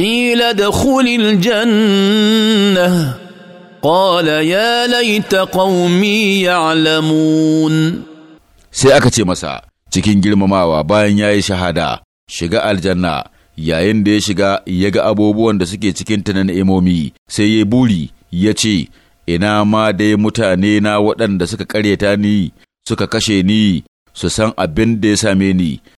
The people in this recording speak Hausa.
قيل ادخل الجنه قال يا ليت قومي يعلمون sai aka ce masa cikin girmamawa bayan ya yi shahada shiga aljanna yayin da ya shiga ya ga abubuwan da suke cikin ta na ni'imomi sai ya buri ya ce ina ma dai mutane na waɗanda suka ƙaryata ni suka kashe ni su san abin da ya same ni